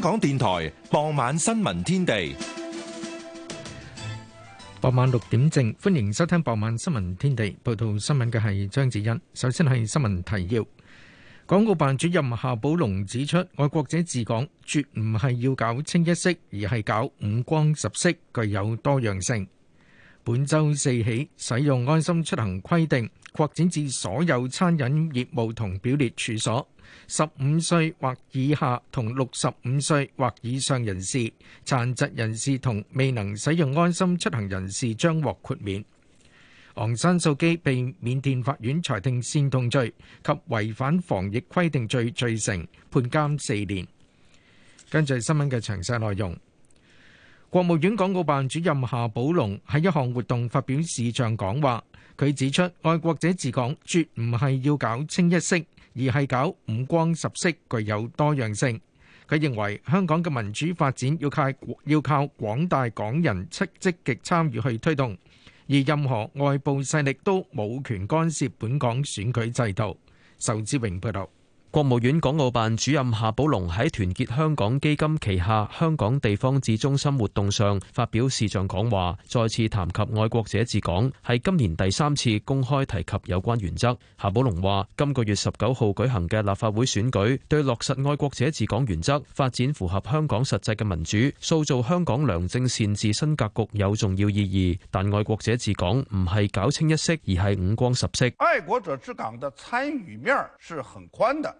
香港電台傍晚新聞天地，傍晚六點正，歡迎收聽傍晚新聞天地。報道新聞嘅係張子欣。首先係新聞提要：港澳辦主任夏寶龍指出，愛國者治港，絕唔係要搞清一色，而係搞五光十色，具有多樣性。本周四起，使用安心出行規定，擴展至所有餐飲業務同表列處所。十五歲或以下同六十五歲或以上人士、殘疾人士同未能使用安心出行人士將獲豁免。昂山素姬被緬甸法院裁定煽動罪及違反防疫規定罪罪成，判監四年。跟住係新聞嘅詳細內容。國務院港澳辦主任夏寶龍喺一項活動發表視像講話，佢指出愛國者治港絕唔係要搞清一色。而係搞五光十色，具有多樣性。佢認為香港嘅民主發展要靠要靠廣大港人積積極參與去推動，而任何外部勢力都冇權干涉本港選舉制度。仇志榮報導。國務院港澳辦主任夏寶龍喺團結香港基金旗下香港地方志中心活動上發表視像講話，再次談及愛國者治港，係今年第三次公開提及有關原則。夏寶龍話：今個月十九號舉行嘅立法會選舉，對落實愛國者治港原則、發展符合香港實際嘅民主、塑造香港良政善治新格局有重要意義。但愛國者治港唔係搞清一色，而係五光十色。愛國者治港的參與面是很寬的。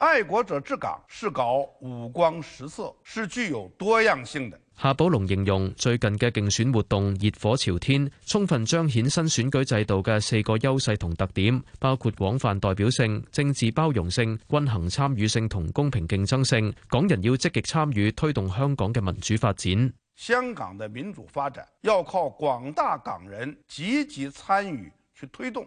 愛國者治港是搞五光十色，是具有多樣性的。夏寶龍形容最近嘅競選活動熱火朝天，充分彰顯新選舉制度嘅四個優勢同特點，包括廣泛代表性、政治包容性、均衡參與性同公平競爭性。港人要積極參與，推動香港嘅民主發展。香港嘅民主發展要靠廣大港人積極參與去推動。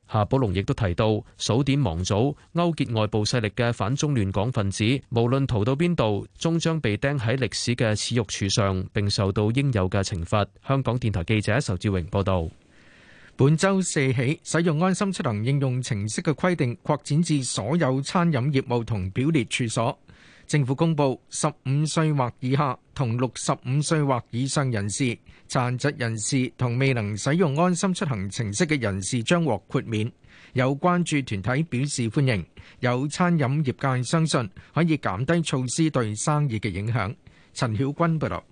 夏寶龍亦都提到，數典忘祖、勾結外部勢力嘅反中亂港分子，無論逃到邊度，終將被釘喺歷史嘅恥辱柱上，並受到應有嘅懲罰。香港電台記者仇志榮報道。本周四起，使用安心出行應用程式嘅規定擴展至所有餐飲業務同表列處所。政府公布，十五歲或以下同六十五歲或以上人士、殘疾人士同未能使用安心出行程式嘅人士將獲豁免。有關注團體表示歡迎，有餐飲業界相信可以減低措施對生意嘅影響。陳曉君報道。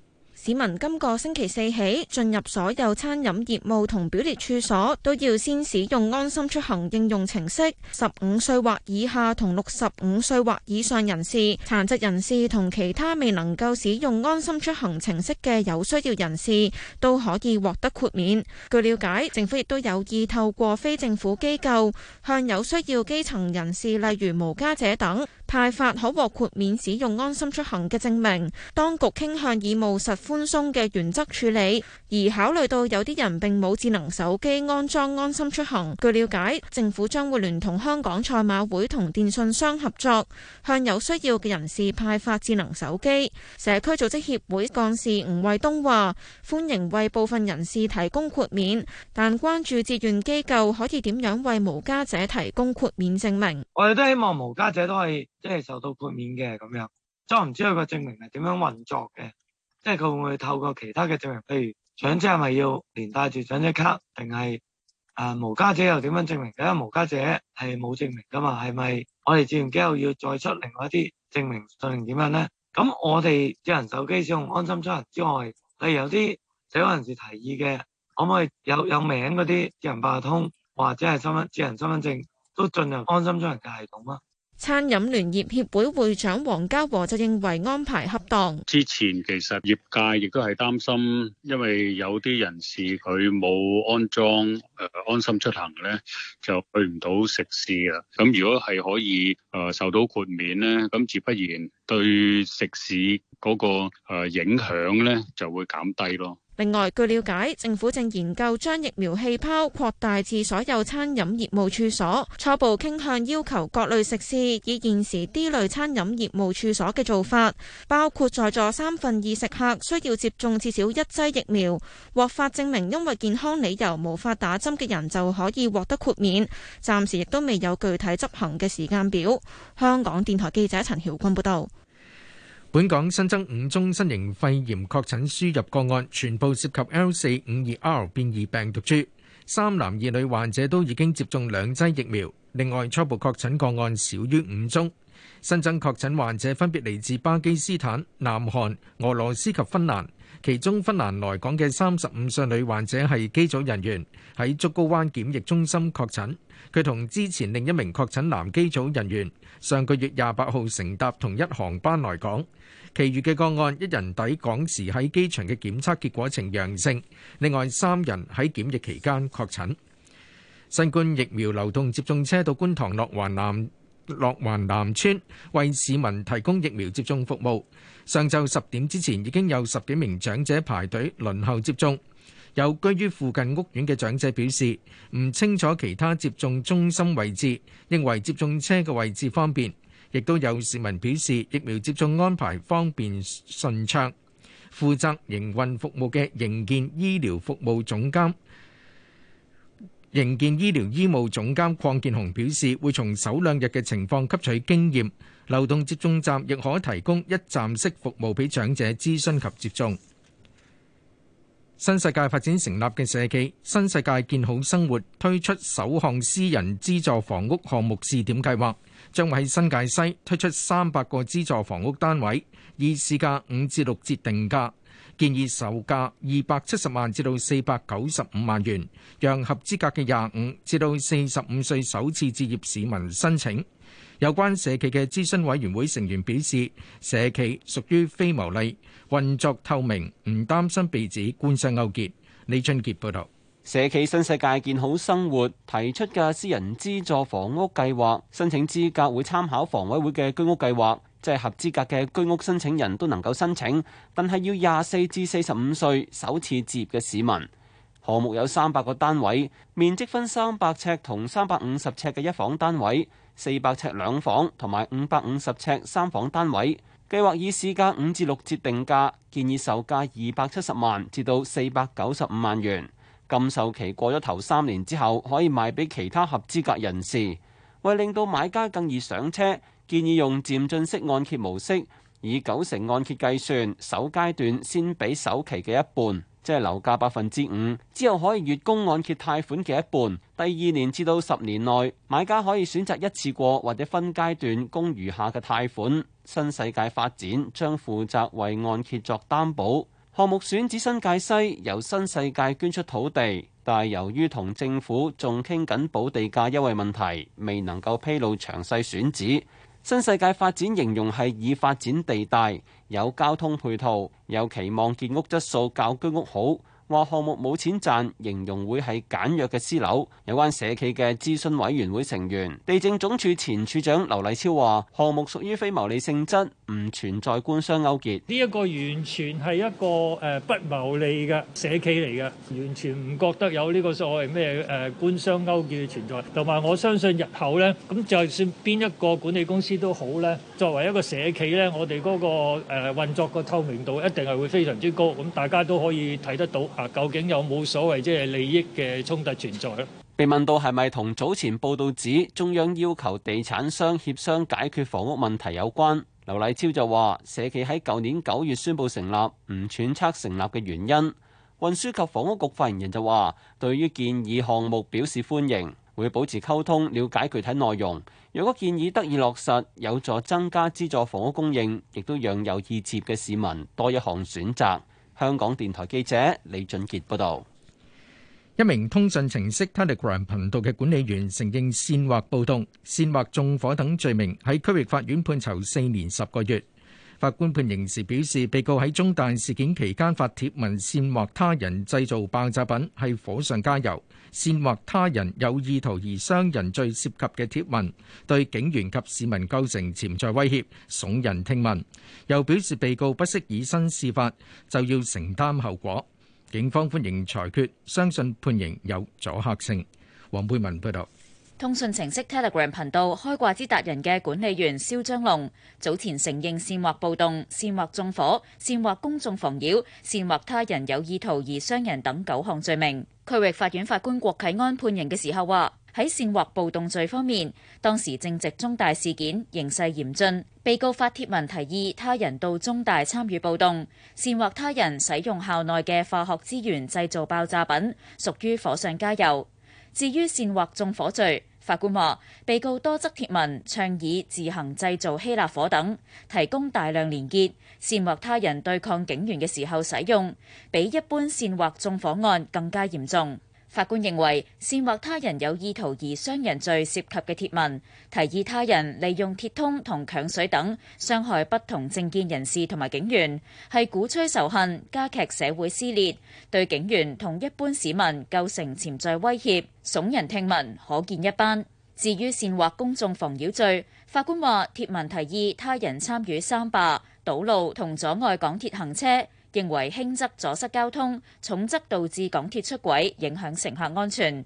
市民今個星期四起進入所有餐飲業務同表列處所，都要先使用安心出行應用程式。十五歲或以下同六十五歲或以上人士、殘疾人士同其他未能夠使用安心出行程式嘅有需要人士，都可以獲得豁免。據了解，政府亦都有意透過非政府機構向有需要基層人士，例如無家者等。派發可獲豁免使用安心出行嘅證明，當局傾向以務實寬鬆嘅原則處理，而考慮到有啲人並冇智能手機安裝安心出行。據了解，政府將會聯同香港賽馬會同電訊商合作，向有需要嘅人士派發智能手機。社區組織協會幹事吳衛東話：歡迎為部分人士提供豁免，但關注志願機構可以點樣為無家者提供豁免證明。我哋都希望無家者都可以。即係受到豁免嘅。咁樣，即唔知佢個證明係點樣運作嘅，即係佢會唔會透過其他嘅證明，譬如長者係咪要連帶住長者卡，定係誒無家者又點樣證明？因為無家者係冇證明噶嘛，係咪我哋志願機構又要再出另外一啲證明？證明點樣咧？咁我哋智能手機使用安心出行之外，例如有啲社會人士提議嘅，可唔可以有有名嗰啲智能八達通或者係身份智能身份證都進入安心出行嘅系統啊？餐飲聯業協會，會會長黃家和就認為安排恰當。之前其實業界亦都係擔心，因為有啲人士佢冇安裝誒、呃、安心出行咧，就去唔到食肆咁，如果係可以誒、呃、受到豁免咧，咁自不然。對食肆嗰個影響呢，就會減低咯。另外，據了解，政府正研究將疫苗氣泡擴大至所有餐飲業務處所，初步傾向要求各類食肆以現時 D 類餐飲業務處所嘅做法，包括在座三分二食客需要接種至少一劑疫苗，獲發證明，因為健康理由無法打針嘅人就可以獲得豁免。暫時亦都未有具體執行嘅時間表。香港電台記者陳曉君報導。本港新增五宗新型肺炎確診輸入個案，全部涉及 L 四五二 R 變異病毒株，三男二女患者都已經接種兩劑疫苗。另外，初步確診個案少於五宗，新增確診患者分別嚟自巴基斯坦、南韓、俄羅斯及芬蘭。其中芬蘭來港嘅三十五歲女患者係機組人員，喺竹篙灣檢疫中心確診。佢同之前另一名確診男機組人員上個月廿八號乘搭同一航班來港。其餘嘅個案，一人抵港時喺機場嘅檢測結果呈陽性，另外三人喺檢疫期間確診。新冠疫苗流動接種車到觀塘樂華南。落華南邨為市民提供疫苗接種服務。上晝十點之前已經有十幾名長者排隊輪候接種。有居於附近屋苑嘅長者表示，唔清楚其他接種中心位置，認為接種車嘅位置方便。亦都有市民表示，疫苗接種安排方便順暢。負責營運服務嘅盈健醫療服務總監。盈健醫療醫務總監鄺建雄表示，會從首兩日嘅情況吸取經驗，流動接種站亦可提供一站式服務俾長者諮詢及接種。新世界發展成立嘅社企新世界建好生活推出首項私人資助房屋項目試點計劃，將會喺新界西推出三百個資助房屋單位，以市價五至六折定價。建議售價二百七十萬至到四百九十五萬元，讓合資格嘅廿五至到四十五歲首次置業市民申請。有關社企嘅諮詢委員會成員表示，社企屬於非牟利，運作透明，唔擔心被指官商勾結。李俊傑報道，社企新世界建好生活提出嘅私人資助房屋計劃，申請資格會參考房委會嘅居屋計劃。即係合資格嘅居屋申請人都能夠申請，但係要廿四至四十五歲首次置業嘅市民。項目有三百個單位，面積分三百尺同三百五十尺嘅一房單位，四百尺兩房同埋五百五十尺三房單位。計劃以市價五至六折定價，建議售價二百七十萬至到四百九十五萬元。禁售期過咗頭三年之後，可以賣俾其他合資格人士。為令到買家更易上車，建議用漸進式按揭模式，以九成按揭計算，首階段先俾首期嘅一半，即係樓價百分之五，之後可以月供按揭貸款嘅一半。第二年至到十年內，買家可以選擇一次過或者分階段供餘下嘅貸款。新世界發展將負責為按揭作擔保。項目選址新界西，由新世界捐出土地，但由於同政府仲傾緊補地價優惠問題，未能夠披露詳細選址。新世界發展形容係以發展地帶，有交通配套，有期望建屋質素較居屋好。話項目冇錢賺，形容會係簡約嘅私樓。有關社企嘅諮詢委員會成員、地政總署前署長劉麗超話，項目屬於非牟利性質，唔存在官商勾結。呢一個完全係一個誒不牟利嘅社企嚟嘅，完全唔覺得有呢個所謂咩誒官商勾結嘅存在。同埋我相信日後呢，咁就算邊一個管理公司都好呢，作為一個社企呢，我哋嗰個誒運作個透明度一定係會非常之高，咁大家都可以睇得到。究竟有冇所謂即係利益嘅衝突存在？被問到係咪同早前報道指中央要求地產商協商解決房屋問題有關，劉麗超就話：社企喺舊年九月宣布成立，唔揣測成立嘅原因。運輸及房屋局發言人就話：對於建議項目表示歡迎，會保持溝通，了解具體內容。若果建議得以落實，有助增加資助房屋供應，亦都讓有意置業嘅市民多一項選擇。香港電台記者李俊杰報道，一名通訊程式 Telegram 頻道嘅管理員承認煽惑暴動、煽惑縱火等罪名，喺區域法院判囚四年十個月。法官判刑時表示，被告喺中大事件期間發帖文煽惑他人製造爆炸品，係火上加油；煽惑他人有意圖而傷人罪涉及嘅帖文，對警員及市民構成潛在威脅，聳人聽聞，又表示被告不惜以身試法，就要承擔後果。警方歡迎裁決，相信判刑有阻吓性。黃佩文報道。通訊程式 Telegram 頻道開掛之達人嘅管理員肖張龍早前承認煽惑暴動、煽惑縱火、煽惑公眾妨擾、煽惑他人有意圖而傷人等九項罪名。區域法院法官郭啟安判刑嘅時候話，喺煽惑暴動罪方面，當時正值中大事件，形勢嚴峻，被告發帖文提議他人到中大參與暴動，煽惑他人使用校內嘅化學資源製造爆炸品，屬於火上加油。至於煽惑縱火罪，法官話：被告多則貼文，倡議自行製造希臘火等，提供大量連結，煽惑他人對抗警員嘅時候使用，比一般煽惑縱火案更加嚴重。法官認為，煽惑他人有意圖而傷人罪涉及嘅帖文，提議他人利用鐵通同鏹水等傷害不同政見人士同埋警員，係鼓吹仇恨，加劇社會撕裂，對警員同一般市民構成潛在威脅，聳人聽聞，可見一斑。至於煽惑公眾妨擾罪，法官話，帖文提議他人參與三罷、堵路同阻礙港鐵行車。認為輕則阻塞交通，重則導致港鐵出軌，影響乘客安全。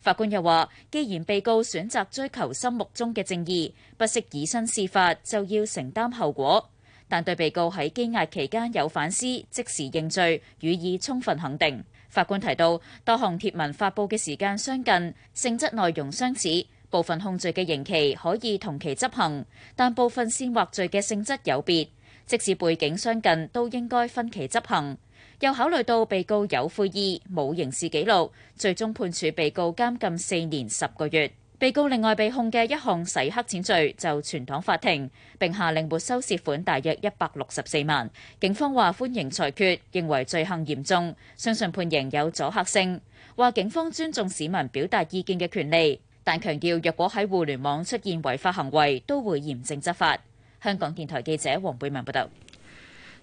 法官又話，既然被告選擇追求心目中嘅正義，不惜以身試法，就要承擔後果。但對被告喺羈押期間有反思，即時認罪，予以充分肯定。法官提到，多項貼文發布嘅時間相近，性質內容相似，部分控罪嘅刑期可以同期執行，但部分煽惑罪嘅性質有別。即使背景相近，都應該分期執行。又考慮到被告有悔意、冇刑事記錄，最終判處被告監禁四年十個月。被告另外被控嘅一項洗黑錢罪就存檔法庭，並下令沒收涉款大約一百六十四萬。警方話歡迎裁決，認為罪行嚴重，相信判刑有阻嚇性。話警方尊重市民表達意見嘅權利，但強調若果喺互聯網出現違法行為，都會嚴正執法。香港電台記者黃貝文報道，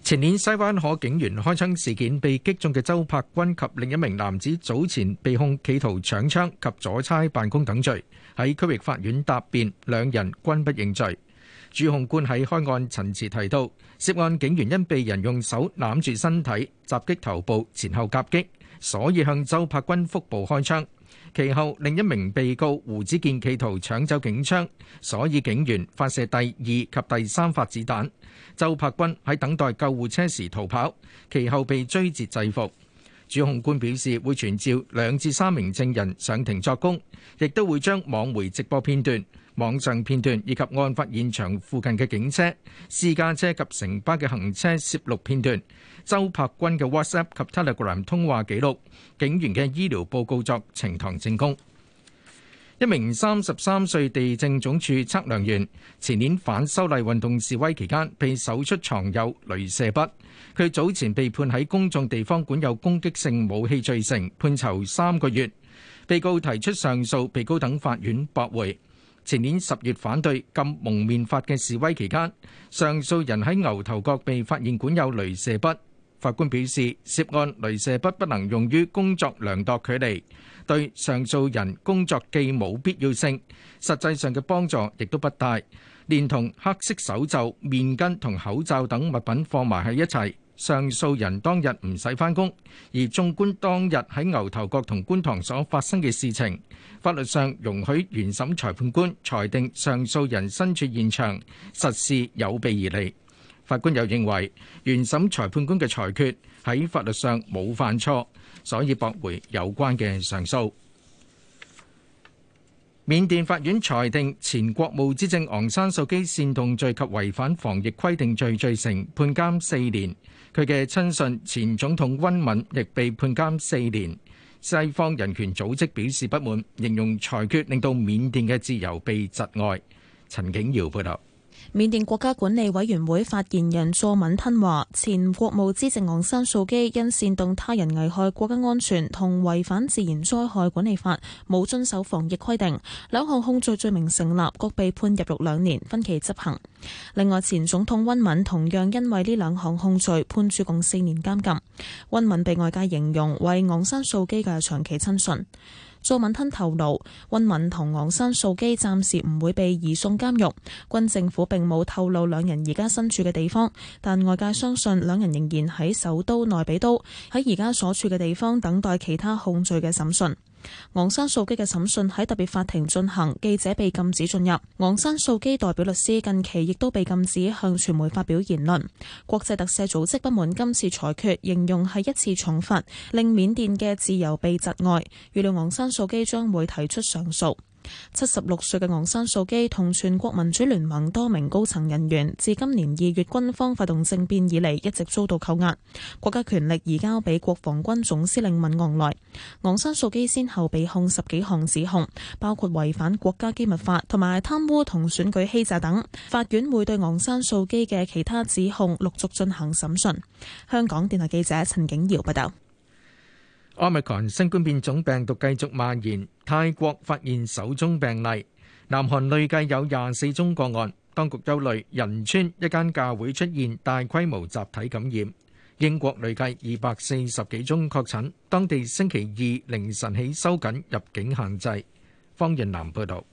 前年西灣河警員開槍事件被擊中嘅周柏君及另一名男子早前被控企圖搶槍及阻差辦公等罪，喺區域法院答辯，兩人均不認罪。主控官喺開案陳詞提到，涉案警員因被人用手攬住身體，襲擊頭部，前後夾擊，所以向周柏君腹部開槍。其後另一名被告胡子健企圖搶走警槍，所以警員發射第二及第三發子彈。周柏君喺等待救護車時逃跑，其後被追截制服。主控官表示會傳召兩至三名證人上庭作供，亦都會將網媒直播片段、網上片段以及案發現場附近嘅警車、私家車及城巴嘅行車攝錄片段。周柏君嘅 WhatsApp 及 Telegram 通話記錄，警員嘅醫療報告作呈堂證供。一名三十三歲地政總署測量員，前年反修例運動示威期間被搜出藏有鐳射筆。佢早前被判喺公眾地方管有攻擊性武器罪成，判囚三個月。被告提出上訴，被高等法院駁回。前年十月反對禁蒙面法嘅示威期間，上訴人喺牛頭角被發現管有鐳射筆。法官表示，涉案鐳射筆不能用於工作量度距離，對上訴人工作既冇必要性，實際上嘅幫助亦都不大。連同黑色手袖、面巾同口罩等物品放埋喺一齊，上訴人當日唔使翻工。而縱觀當日喺牛頭角同觀塘所發生嘅事情，法律上容許原審裁判官裁定上訴人身處現場，實是有備而嚟。法官又認為，原審裁判官嘅裁決喺法律上冇犯錯，所以駁回有關嘅上訴。緬甸法院裁定前國務資政昂山素姬煽動罪及違反防疫規定罪罪成，判監四年。佢嘅親信前總統温敏亦被判監四年。西方人權組織表示不滿，形容裁決令到緬甸嘅自由被窒礙。陳景耀報導。緬甸國家管理委員會發言人佐敏吞話，前國務資政昂山素基因煽動他人危害國家安全同違反自然災害管理法，冇遵守防疫規定，兩項控罪罪名成立，各被判入獄兩年，分期執行。另外，前總統温敏同樣因為呢兩項控罪判處共四年監禁。温敏被外界形容為昂山素基嘅長期親信。蘇敏吞透露，溫敏同昂山素基暫時唔會被移送監獄，軍政府並冇透露兩人而家身處嘅地方，但外界相信兩人仍然喺首都內比都，喺而家所處嘅地方等待其他控罪嘅審訊。昂山素基嘅審訊喺特別法庭進行，記者被禁止進入。昂山素基代表律師近期亦都被禁止向傳媒發表言論。國際特赦組織不滿今次裁決，形容係一次重罰，令緬甸嘅自由被窒礙。預料昂山素基將會提出上訴。七十六歲嘅昂山素基同全國民主聯盟多名高層人員，自今年二月軍方發動政變以嚟，一直遭到扣押。國家權力移交俾國防軍總司令敏昂萊。昂山素基先後被控十幾項指控，包括違反國家機密法同埋貪污同選舉欺詐等。法院會對昂山素基嘅其他指控陸續進行審訊。香港電台記者陳景瑤報道。Omicron 新冠變種病毒繼續蔓延，泰國發現首宗病例。南韓累計有廿四宗個案，當局憂慮仁川一間教會出現大規模集體感染。英國累計二百四十幾宗確診，當地星期二凌晨起收緊入境限制。方永南報導。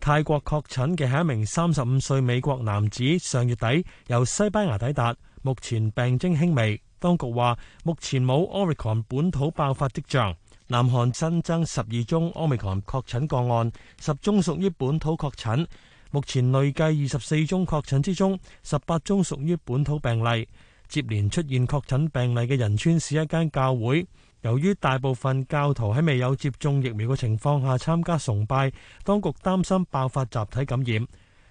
泰國確診嘅係一名三十五歲美國男子，上月底由西班牙抵達，目前病徵輕微。當局話，目前冇奧密克戎本土爆發跡象。南韓新增十二宗奧密克戎確診個案，十宗屬於本土確診。目前累計二十四宗確診之中，十八宗屬於本土病例。接連出現確診病例嘅仁川市一間教會，由於大部分教徒喺未有接種疫苗嘅情況下參加崇拜，當局擔心爆發集體感染。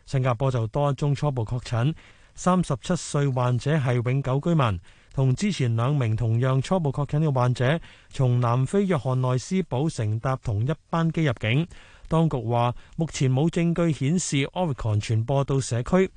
新加坡就多一宗初步確診，三十七歲患者係永久居民。同之前兩名同樣初步確診嘅患者，從南非約翰內斯堡乘搭同一班機入境。當局話，目前冇證據顯示 Omicron 傳播到社區。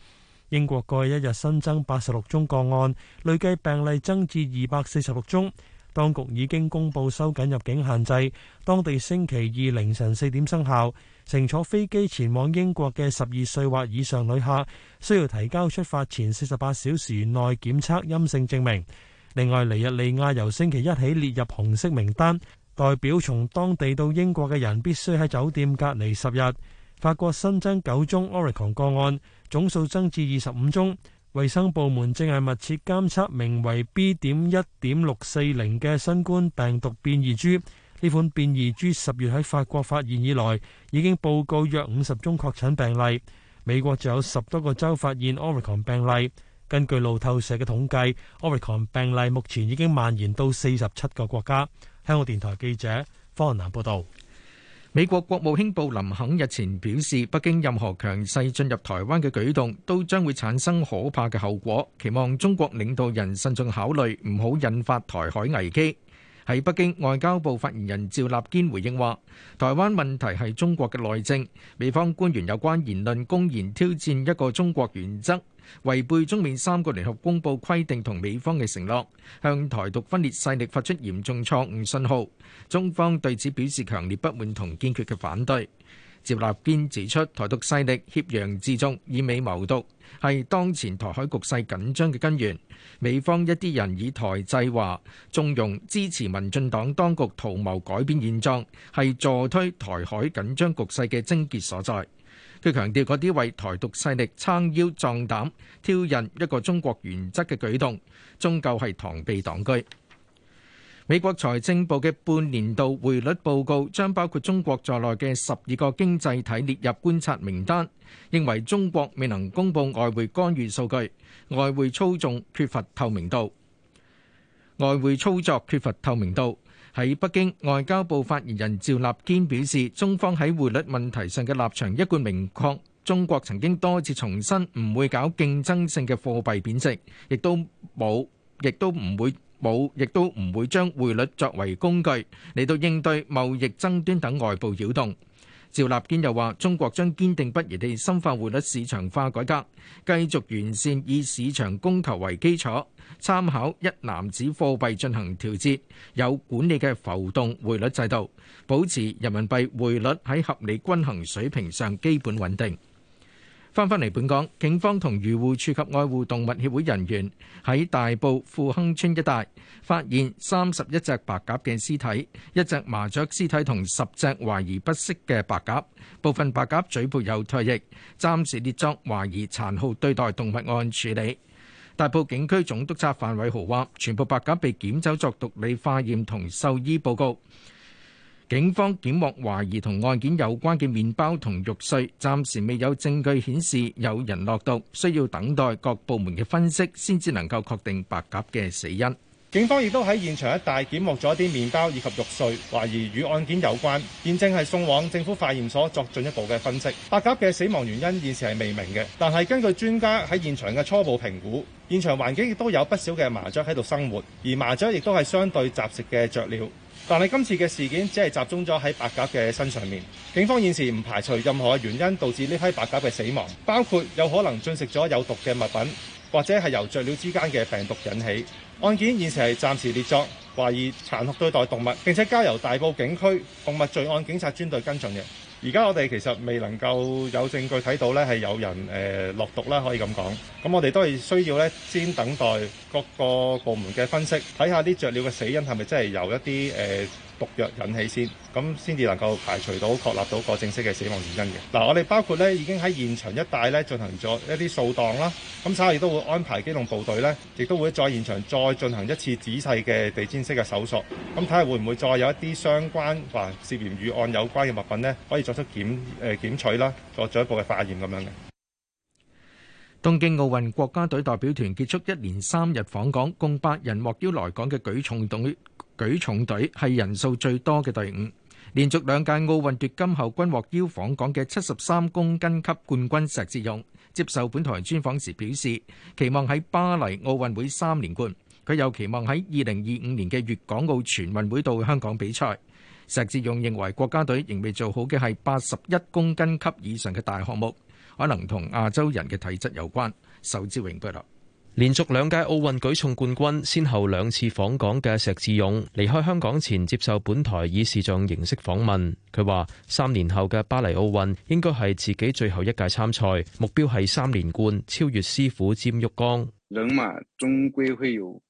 英國過去一日新增八十六宗個案，累計病例增至二百四十六宗。當局已經公布收緊入境限制，當地星期二凌晨四點生效。乘坐飛機前往英國嘅十二歲或以上旅客需要提交出發前四十八小時內檢測陰性證明。另外，尼日利亞由星期一起列入紅色名單，代表從當地到英國嘅人必須喺酒店隔離十日。法國新增九宗 Omicron 個案，總數增至二十五宗。衛生部門正係密切監測名為 B 點一點六四零嘅新冠病毒變異株。呢款變異株十月喺法國發現以來，已經報告約五十宗確診病例。美國就有十多個州發現 Omicron 病例。根據路透社嘅統計，Omicron 病例目前已經蔓延到四十七個國家。香港電台記者方雲南報道。美國國務卿布林肯日前表示，北京任何強勢進入台灣嘅舉動，都將會產生可怕嘅後果，期望中國領導人慎重考慮，唔好引發台海危機。喺北京，外交部發言人趙立堅回應話，台灣問題係中國嘅內政，美方官員有關言論公然挑戰一個中國原則，違背中美三個聯合公佈規定同美方嘅承諾，向台獨分裂勢力發出嚴重錯誤信號，中方對此表示強烈不滿同堅決嘅反對。趙立堅指出，台獨勢力挾洋自重、以美謀獨，係當前台海局勢緊張嘅根源。美方一啲人以台制華，縱容支持民進黨當局圖謀改變現狀，係助推台海緊張局勢嘅症結所在。佢強調，嗰啲為台獨勢力撐腰壯膽、挑釁一個中國原則嘅舉動，終究係螳臂擋車。美國財政部嘅半年度匯率報告將包括中國在內嘅十二個經濟體列入觀察名單，認為中國未能公布外匯干預數據，外匯操縱缺乏透明度，外匯操作缺乏透明度。喺北京，外交部發言人趙立堅表示，中方喺匯率問題上嘅立場一貫明確，中國曾經多次重申唔會搞競爭性嘅貨幣貶值，亦都冇，亦都唔會。冇，亦都唔會將匯率作為工具嚟到應對貿易爭端等外部擾動。趙立堅又話，中國將堅定不移地深化匯率市場化改革，繼續完善以市場供求為基礎、參考一籃子貨幣進行調節、有管理嘅浮動匯率制度，保持人民幣匯率喺合理均衡水平上基本穩定。翻返嚟本港，警方同漁護處及愛護動物協會人員喺大埔富亨村一帶發現三十一隻白鴿嘅屍體，一隻麻雀屍體同十隻懷疑不適嘅白鴿，部分白鴿嘴部有唾液，暫時列作懷疑殘酷對待動物案處理。大埔警區總督察范偉豪話，全部白鴿被檢走作毒理化驗同獸醫報告。警方檢獲懷疑同案件有關嘅麵包同肉碎，暫時未有證據顯示有人落毒，需要等待各部門嘅分析先至能夠確定白鴿嘅死因。警方亦都喺現場一帶檢獲咗啲麵包以及肉碎，懷疑與案件有關，現正係送往政府化驗所作進一步嘅分析。白鴿嘅死亡原因現時係未明嘅，但係根據專家喺現場嘅初步評估，現場環境亦都有不少嘅麻雀喺度生活，而麻雀亦都係相對雜食嘅雀鳥。但係今次嘅事件只係集中咗喺白鴿嘅身上面，警方現時唔排除任何原因導致呢批白鴿嘅死亡，包括有可能進食咗有毒嘅物品，或者係由雀鳥之間嘅病毒引起。案件現時係暫時列作懷疑殘酷對待動物，並且交由大埔警區動物罪案警察專隊跟進嘅。而家我哋其實未能夠有證據睇到咧係有人誒、呃、落毒啦，可以咁講。咁我哋都係需要咧先等待各個部門嘅分析，睇下啲雀鳥嘅死因係咪真係有一啲誒、呃毒藥引起先，咁先至能夠排除到確立到個正式嘅死亡原因嘅。嗱，我哋包括咧已經喺現場一帶咧進行咗一啲掃蕩啦，咁稍後亦都會安排機動部隊咧，亦都會喺現場再進行一次仔細嘅地毯式嘅搜索，咁睇下會唔會再有一啲相關話涉嫌與案有關嘅物品咧，可以作出檢誒檢取啦，作進一步嘅化驗咁樣嘅。東京奧運國家隊代表團結束一連三日訪港，共八人獲邀來港嘅舉重隊。舉重隊係人數最多嘅隊伍，連續兩屆奧運奪金後，均獲邀訪港嘅七十三公斤級冠軍石志勇接受本台專訪時表示，期望喺巴黎奧運會三連冠。佢又期望喺二零二五年嘅粵港澳全運會度香港比賽。石志勇認為國家隊仍未做好嘅係八十一公斤級以上嘅大項目，可能同亞洲人嘅體質有關。仇志榮報道。連續兩屆奧運舉重冠軍，先後兩次訪港嘅石智勇，離開香港前接受本台以視像形式訪問。佢話：三年後嘅巴黎奧運，應該係自己最後一屆參賽，目標係三連冠，超越師傅占旭剛。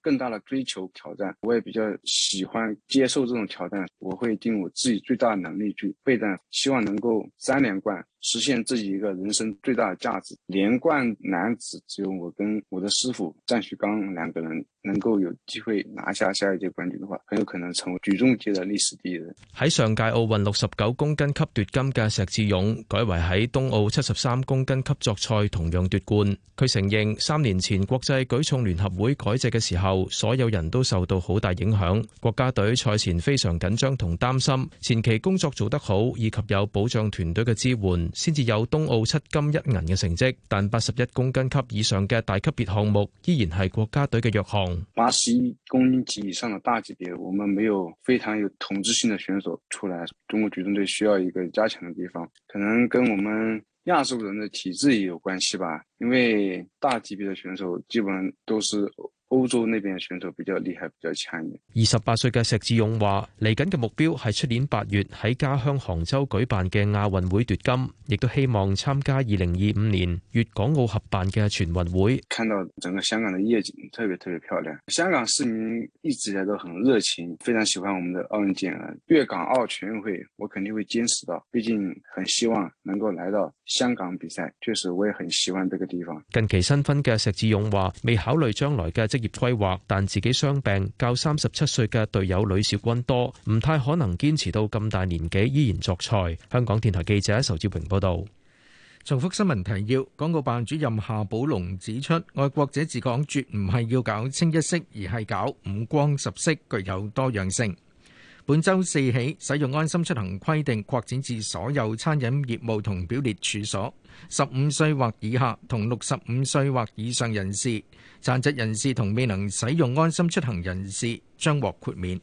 更大的追求挑戰，我也比較喜歡接受這種挑戰。我會盡我自己最大能力去備戰，希望能夠三連冠，實現自己一個人生最大的價值。連冠男子只有我跟我的師傅占旭剛兩個人能夠有機會拿下下一屆冠軍的話，很有可能成為舉重界的歷史第一人。喺上屆奧運六十九公斤級奪金嘅石智勇，改為喺東奧七十三公斤級作賽，同樣奪冠。佢承認，三年前國際舉重聯合會改制嘅時候，所有人都受到好大影響，國家隊賽前非常緊張同擔心，前期工作做得好以及有保障團隊嘅支援，先至有東奧七金一銀嘅成績。但八十一公斤級以上嘅大級別項目，依然係國家隊嘅弱項。八十一公斤級以上嘅大級別，我們沒有非常有統治性的選手出來。中國舉重隊需要一個加強嘅地方，可能跟我們亞洲人的體質也有關係吧。因為大級別的選手，基本都是。歐洲那邊嘅選手比較厲害，比較強嘅。二十八歲嘅石智勇話：嚟緊嘅目標係出年八月喺家鄉杭州舉辦嘅亞運會奪金，亦都希望參加二零二五年粵港澳合辦嘅全運會。看到整個香港嘅夜景特別特別漂亮，香港市民一直以來都很熱情，非常喜歡我們的奧運健兒。粵港澳全運會我肯定會堅持到，畢竟很希望能夠來到香港比賽，確實我也很喜歡這個地方。近期新婚嘅石智勇話：未考慮將來嘅職業。規劃，但自己傷病較三十七歲嘅隊友呂小軍多，唔太可能堅持到咁大年紀依然作賽。香港電台記者仇志平報道。重複新聞提要：港澳辦主任夏寶龍指出，愛國者治港絕唔係要搞清一色，而係搞五光十色，具有多樣性。本周四起，使用安心出行規定擴展至所有餐飲業務同表列處所。十五歲或以下同六十五歲或以上人士。殘疾人士同未能使用安心出行人士將獲豁免。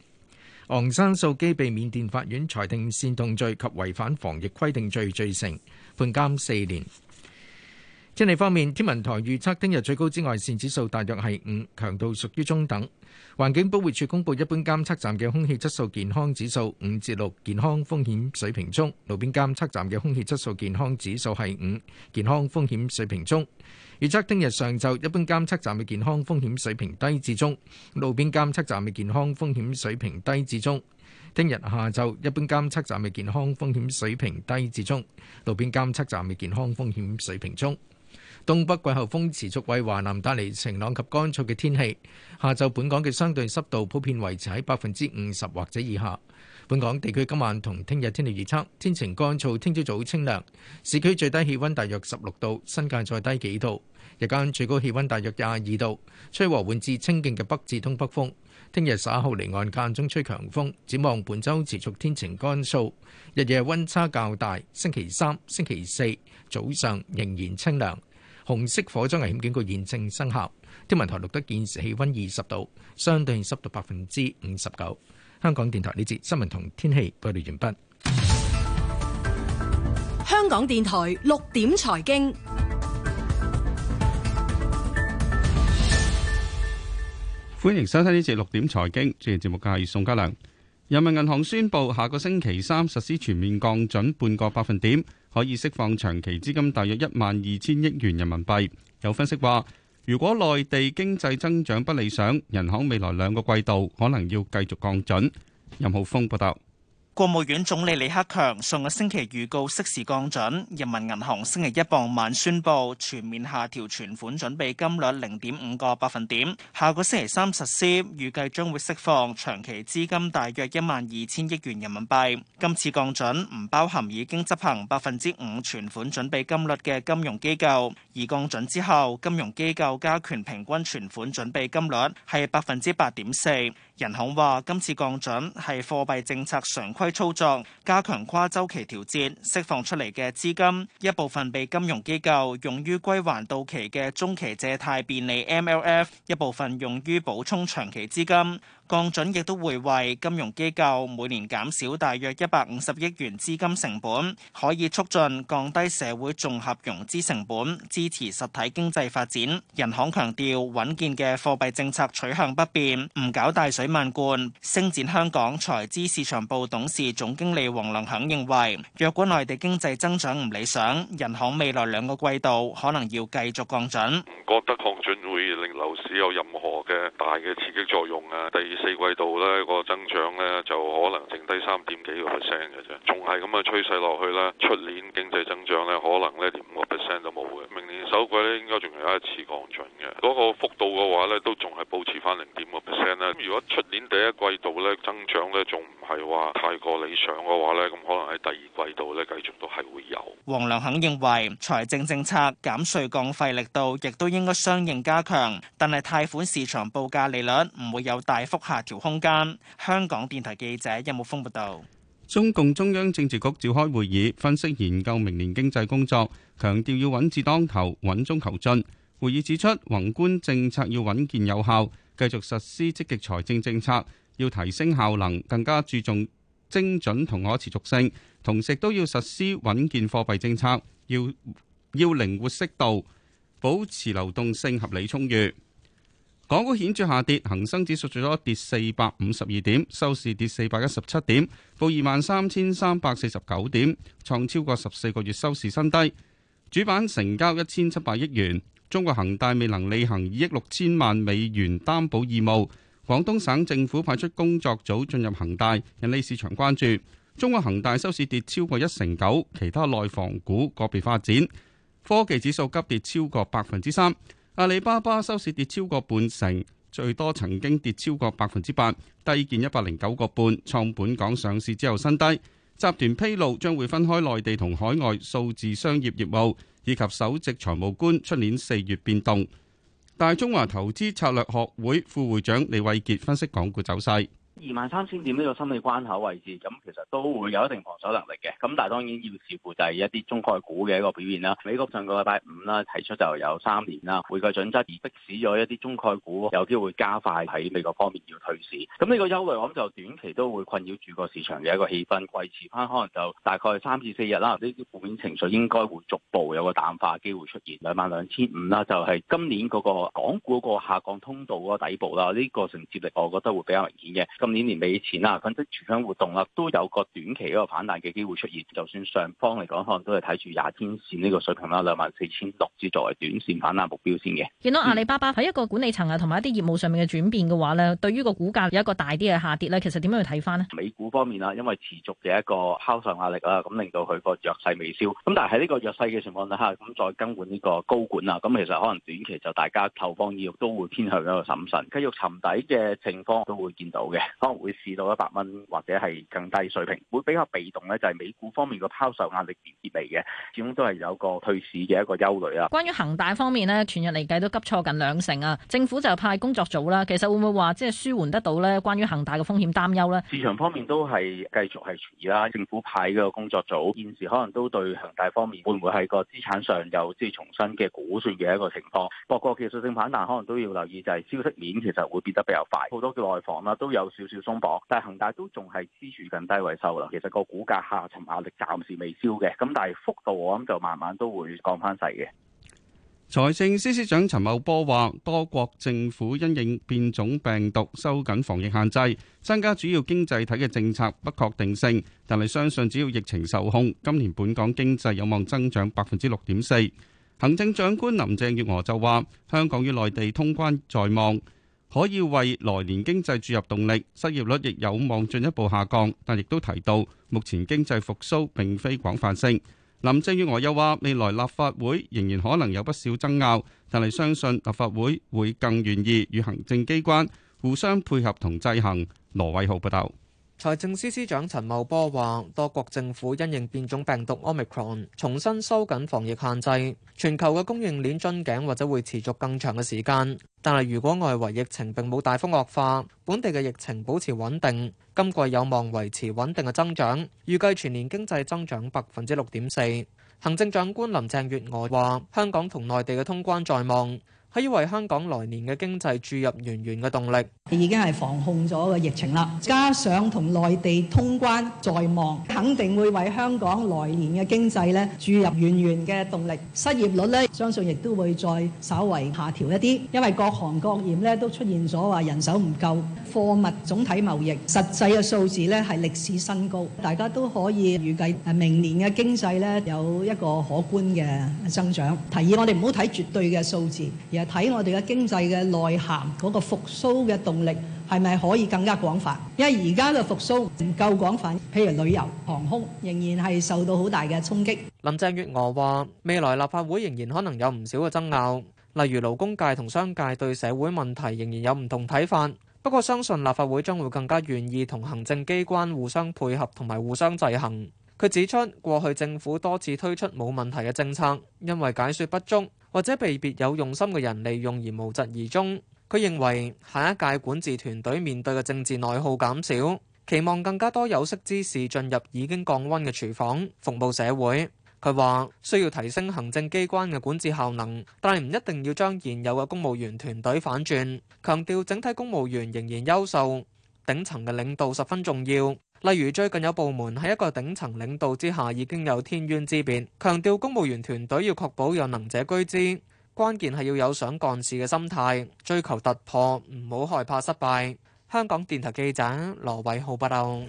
昂山素基被緬甸法院裁定煽動罪及違反防疫規定罪罪成，判監四年。天氣方面，天文台預測聽日最高紫外線指數大約係五，強度屬於中等。環境保護署公布一般監測站嘅空氣質素健康指數五至六，健康風險水平中；路邊監測站嘅空氣質素健康指數係五，健康風險水平中。預測聽日上晝一般監測站嘅健康風險水平低至中，路邊監測站嘅健康風險水平低至中。聽日下晝一般監測站嘅健康風險水平低至中，路邊監測站嘅健康風險水平中。東北季候風持續為華南帶嚟晴朗及乾燥嘅天氣，下晝本港嘅相對濕度普遍維持喺百分之五十或者以下。本港地區今晚同聽日天氣預測，天晴乾燥，聽朝早清涼，市區最低氣温大約十六度，新界再低幾度。日間最高氣温大約廿二度，吹和緩至清勁嘅北至東北風。聽日十一號稍後離岸間中吹強風，展望本週持續天晴乾燥，日夜温差較大。星期三、星期四早上仍然清涼。紅色火災危險警告現正生效。天文台錄得現時氣温二十度，相對濕度百分之五十九。香港電台呢節新聞同天氣報道完畢。香港電台六點財經，歡迎收聽呢節六點財經。主持節目嘅係宋家良。人民銀行宣布下個星期三實施全面降準半個百分點，可以釋放長期資金大約一萬二千億元人民幣。有分析話。如果內地經濟增長不理想，人行未來兩個季度可能要繼續降準。任浩峰報道。國務院總理李克強上個星期預告適時降準，人民銀行星期一傍晚宣布全面下調存款準備金率零點五個百分點，下個星期三實施，預計將會釋放長期資金大約一萬二千億元人民幣。今次降準唔包含已經執行百分之五存款準備金率嘅金融機構，而降準之後金融機構加權平均存款準備金率係百分之八點四。人行話今次降準係貨幣政策常規。去操作，加強跨周期調節，釋放出嚟嘅資金，一部分被金融機構用於歸還到期嘅中期借貸便利 （MLF），一部分用於補充長期資金。降準亦都會為金融機構每年減少大約一百五十億元資金成本，可以促進降低社會綜合融資成本，支持實體經濟發展。人行強調穩健嘅貨幣政策取向不變，唔搞大水漫灌。星展香港財資市場部董事總經理王良享認為，若果內地經濟增長唔理想，人行未來兩個季度可能要繼續降準。唔覺得降準會令樓市有任何嘅大嘅刺激作用啊。四季度咧個增長咧就可能剩低三點幾個 percent 嘅啫，仲係咁嘅趨勢落去啦。出年經濟增長咧可能咧五個 percent 都冇嘅，明年首季咧應該仲有一次降準嘅，嗰個幅度嘅話咧都仲係保持翻零點五個 percent 啦。如果出年第一季度咧增長咧仲唔係話太過理想嘅話咧，咁可能喺第二季度咧繼續都係會有。黃良肯認為財政政策減稅降費力度亦都應該相應加強，但係貸款市場報價利率唔會有大幅。下調空間。香港電台記者任木峰報道，中共中央政治局召開會議，分析研究明年經濟工作，強調要穩字當頭，穩中求進。會議指出，宏觀政策要穩健有效，繼續實施積極財政政策，要提升效能，更加注重精準同可持續性，同時都要實施穩健貨幣政策，要要靈活適度，保持流動性合理充裕。港股顯著下跌，恒生指數最多跌四百五十二點，收市跌四百一十七點，報二萬三千三百四十九點，創超過十四個月收市新低。主板成交一千七百億元。中國恒大未能履行二億六千萬美元擔保義務，廣東省政府派出工作組進入恒大，引起市場關注。中國恒大收市跌超過一成九，其他內房股個別發展。科技指數急跌超過百分之三。阿里巴巴收市跌超過半成，最多曾經跌超過百分之八，低見一百零九個半，創本港上市之後新低。集團披露將會分開內地同海外數字商業業務，以及首席財務官出年四月變動。大中華投資策略學會副會長李偉傑分析港股走勢。二萬三千點呢個心理關口位置，咁其實都會有一定防守能力嘅。咁但係當然要視乎就係一啲中概股嘅一個表現啦。美國上個禮拜五啦，提出就有三年啦，會計準則而迫使咗一啲中概股有機會加快喺美國方面要退市。咁呢個憂慮我諗就短期都會困擾住個市場嘅一個氣氛，維持翻可能就大概三至四日啦。呢啲負面情緒應該會逐步有個淡化機會出現。兩萬兩千五啦，就係、是、今年嗰個港股個下降通道嗰個底部啦。呢、這個承接力我覺得會比較明顯嘅。今年年尾前啦，佢啲櫥窗活動啦，都有個短期一個反彈嘅機會出現。就算上方嚟講，可能都係睇住廿天線呢個水平啦，兩萬四千六至作為短線反彈目標先嘅。見到阿里巴巴喺一個管理層啊，同埋一啲業務上面嘅轉變嘅話咧，對於個股價有一個大啲嘅下跌咧，其實點樣去睇翻呢？美股方面啊，因為持續嘅一個拋售壓力啦，咁令到佢個弱勢未消。咁但係喺呢個弱勢嘅情況下，咁再更換呢個高管啊，咁其實可能短期就大家投放意欲都會偏向一個審慎、繼續沉底嘅情況都會見到嘅。可能會試到一百蚊，或者係更低水平，會比較被動咧，就係美股方面個拋售壓力嚟嘅，始終都係有個退市嘅一個憂慮啊。關於恒大方面咧，全日嚟計都急挫近兩成啊。政府就派工作組啦，其實會唔會話即係舒緩得到咧？關於恒大嘅風險擔憂咧？市場方面都係繼續係存疑啦。政府派嘅工作組現時可能都對恒大方面會唔會係個資產上有即係重新嘅估算嘅一個情況。不過技術性反彈可能都要留意，就係消息面其實會變得比較快，好多嘅內房啦都有少。少少鬆綁，但係恒大都仲係支住近低位收啦。其實個股價下沉壓力暫時未消嘅，咁但係幅度我諗就慢慢都會降翻細嘅。財政司司長陳茂波話：多國政府因應變種病毒，收緊防疫限制，增加主要經濟體嘅政策不確定性。但係相信只要疫情受控，今年本港經濟有望增長百分之六點四。行政長官林鄭月娥就話：香港與內地通關在望。可以為來年經濟注入動力，失業率亦有望進一步下降。但亦都提到，目前經濟復甦並非廣泛性。林鄭月娥又話：未來立法會仍然可能有不少爭拗，但係相信立法會會更願意與行政機關互相配合同制衡。羅偉豪報道。財政司司長陳茂波話：多國政府因應變種病毒 Omicron，重新收緊防疫限制。全球嘅供應鏈樽頸或者會持續更長嘅時間。但係如果外圍疫情並冇大幅惡化，本地嘅疫情保持穩定，今季有望維持穩定嘅增長，預計全年經濟增長百分之六點四。行政長官林鄭月娥話：香港同內地嘅通關在望。可以為香港來年嘅經濟注入源源嘅動力，已經係防控咗個疫情啦，加上同內地通關在望，肯定會為香港來年嘅經濟咧注入源源嘅動力。失業率咧，相信亦都會再稍為下調一啲，因為各行各業咧都出現咗話人手唔夠，貨物總體貿易實際嘅數字咧係歷史新高，大家都可以預計明年嘅經濟咧有一個可觀嘅增長。提議我哋唔好睇絕對嘅數字。睇我哋嘅經濟嘅內涵，嗰個復甦嘅動力係咪可以更加廣泛？因為而家嘅復甦唔夠廣泛，譬如旅遊、航空仍然係受到好大嘅衝擊。林鄭月娥話：未來立法會仍然可能有唔少嘅爭拗，例如勞工界同商界對社會問題仍然有唔同睇法。不過相信立法會將會更加願意同行政機關互相配合同埋互相制衡。佢指出，過去政府多次推出冇問題嘅政策，因為解說不足。或者被別有用心嘅人利用而無疾而終。佢認為下一屆管治團隊面對嘅政治內耗減少，期望更加多有識之士進入已經降溫嘅廚房服務社會。佢話需要提升行政機關嘅管治效能，但唔一定要將現有嘅公務員團隊反轉。強調整體公務員仍然優秀，頂層嘅領導十分重要。例如最近有部門喺一個頂層領導之下已經有天淵之變，強調公務員團隊要確保有能者居之，關鍵係要有想幹事嘅心態，追求突破，唔好害怕失敗。香港電台記者羅偉浩報道。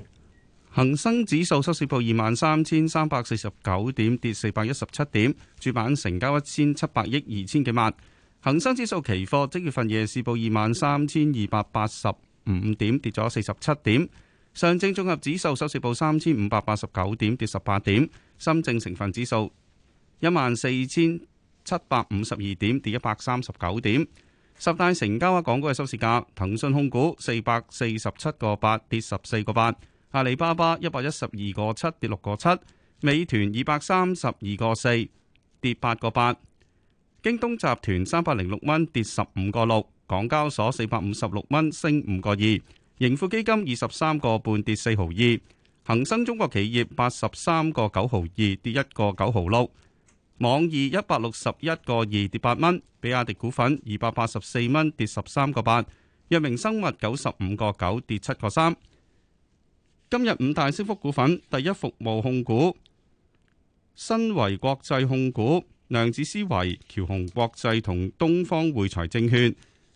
恒生指數收市報二萬三千三百四十九點，跌四百一十七點。主板成交一千七百億二千幾萬。恒生指數期貨即月份夜市報二萬三千二百八十五點，跌咗四十七點。上證綜合指數收市報三千五百八十九點，跌十八點。深證成分指數一萬四千七百五十二點，跌一百三十九點。十大成交額港股嘅收市價：騰訊控股四百四十七個八，跌十四個八；阿里巴巴一百一十二個七，跌六個七；美團二百三十二個四，跌八個八；京東集團三百零六蚊，跌十五個六；港交所四百五十六蚊，升五個二。盈富基金二十三個半跌四毫二，恒生中國企業八十三個九毫二跌一個九毫六，網易一百六十一個二跌八蚊，比亞迪股份二百八十四蚊跌十三個八，藥明生物九十五個九跌七個三。今日五大升幅股份：第一服務控股、新維國際控股、量子思維、僑雄國際同東方匯財證券。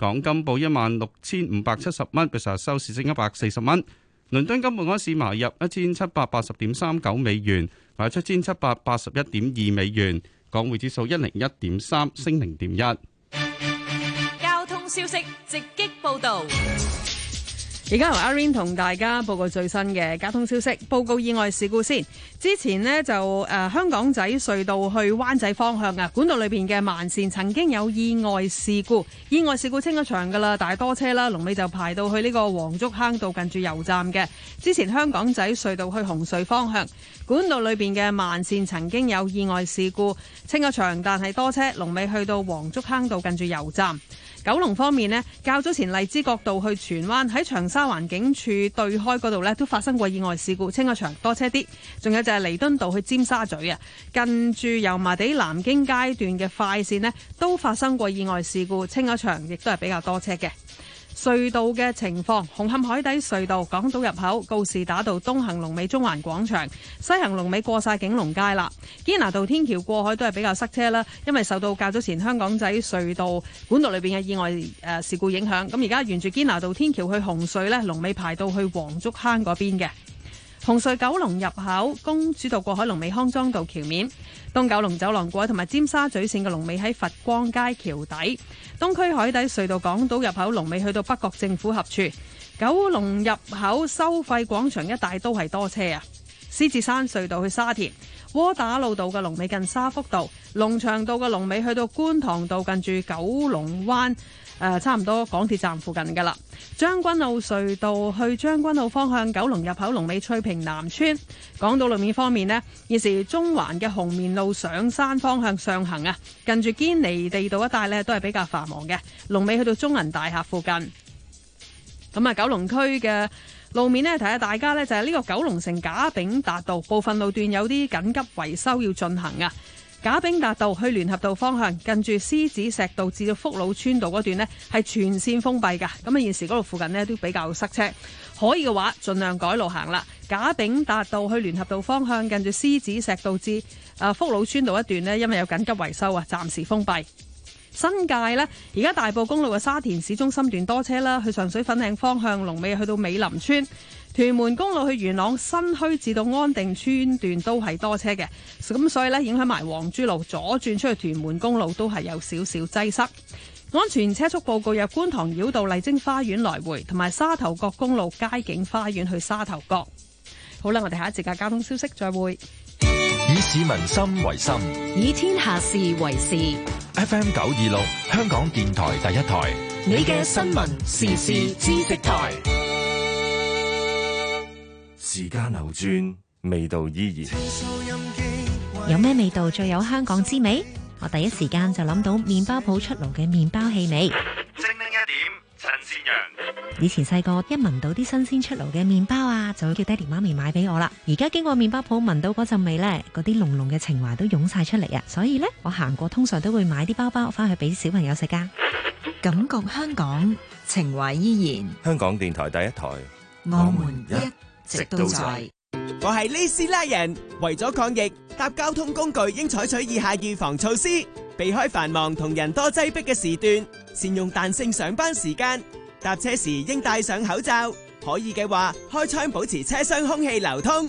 港金報一萬六千五百七十蚊，比上日收市升一百四十蚊。倫敦金每盎司買入一千七百八十點三九美元，賣出一千七百八十一點二美元。港匯指數一零一點三，升零點一。交通消息，直擊報道。而家由阿 Rain 同大家報告最新嘅交通消息。報告意外事故先。之前呢，就誒、呃、香港仔隧道去灣仔方向呀，管道裏邊嘅慢線曾經有意外事故，意外事故清咗場噶啦，但係多車啦，龍尾就排到去呢個黃竹坑道近住油站嘅。之前香港仔隧道去紅隧方向管道裏邊嘅慢線曾經有意外事故，清咗場，但係多車，龍尾去到黃竹坑道近住油站。九龍方面呢，較早前荔枝角道去荃灣喺長沙灣警署對開嗰度呢都發生過意外事故，清一場多車啲。仲有就係彌敦道去尖沙咀啊，近住油麻地南京街段嘅快線呢都發生過意外事故，清一場亦都係比較多車嘅。隧道嘅情況，紅磡海底隧道港島入口、告士打道東行龍尾中環廣場、西行龍尾過晒景隆街啦。堅拿道天橋過海都係比較塞車啦，因為受到較早前香港仔隧道管道裏面嘅意外、呃、事故影響。咁而家沿住堅拿道天橋去紅隧呢龍尾排到去黃竹坑嗰邊嘅紅隧九龍入口、公主道過海龍尾康莊道橋面、東九龍走廊過海同埋尖沙咀線嘅龍尾喺佛光街橋底。東區海底隧道港島入口，龍尾去到北角政府合處，九龍入口收費廣場一帶都係多車啊！獅子山隧道去沙田，窩打路道嘅龍尾近沙福道，龍翔道嘅龍尾去到觀塘道近住九龍灣。誒，差唔多港鐵站附近嘅啦。將軍澳隧道去將軍澳方向，九龍入口龍尾翠屏南村。港島路面方面呢，現時中環嘅紅棉路上山方向上行啊，近住堅尼地道一帶呢，都係比較繁忙嘅。龍尾去到中銀大廈附近。咁啊，九龍區嘅路面呢，提下大家呢，就係呢個九龍城賈炳達道部分路段有啲緊急維修要進行啊。賈炳達道去聯合道方向，近住獅子石道至福佬村道嗰段呢係全線封閉㗎。咁啊，現時嗰度附近呢都比較塞車，可以嘅話盡量改路行啦。賈炳達道去聯合道方向，近住獅子石道至福佬村道一段呢，因為有緊急維修啊，暫時封閉。新界呢，而家大埔公路嘅沙田市中心段多車啦，去上水粉嶺方向，龍尾去到美林村。屯門公路去元朗新墟，至到安定村段都係多車嘅，咁所以咧，影響埋黃珠路左轉出去屯門公路都係有少少擠塞。安全車速報告入觀塘繞道麗晶花園來回，同埋沙頭角公路街景花園去沙頭角。好啦，我哋下一節嘅交通消息再會。以市民心為心，以天下事為事。F M 九二六香港電台第一台，你嘅新聞時事知識台。時間流轉，味道依然。有咩味道最有香港滋味？我第一時間就諗到麵包鋪出爐嘅麵包氣味。以前細個一聞到啲新鮮出爐嘅麵包啊，就會叫爹哋媽咪買俾我啦。而家經過麵包鋪聞到嗰陣味呢，嗰啲濃濃嘅情懷都湧晒出嚟啊！所以呢，我行過通常都會買啲包包翻去俾小朋友食噶。感覺香港情懷依然。香港電台第一台，我們一。直到在，我係李斯拉人。為咗抗疫，搭交通工具應採取以下預防措施：避開繁忙同人多擠迫嘅時段，善用彈性上班時間。搭車時應戴上口罩，可以嘅話開窗保持車廂空氣流通。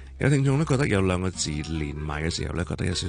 有聽眾咧覺得有兩個字連埋嘅時候咧，覺得有少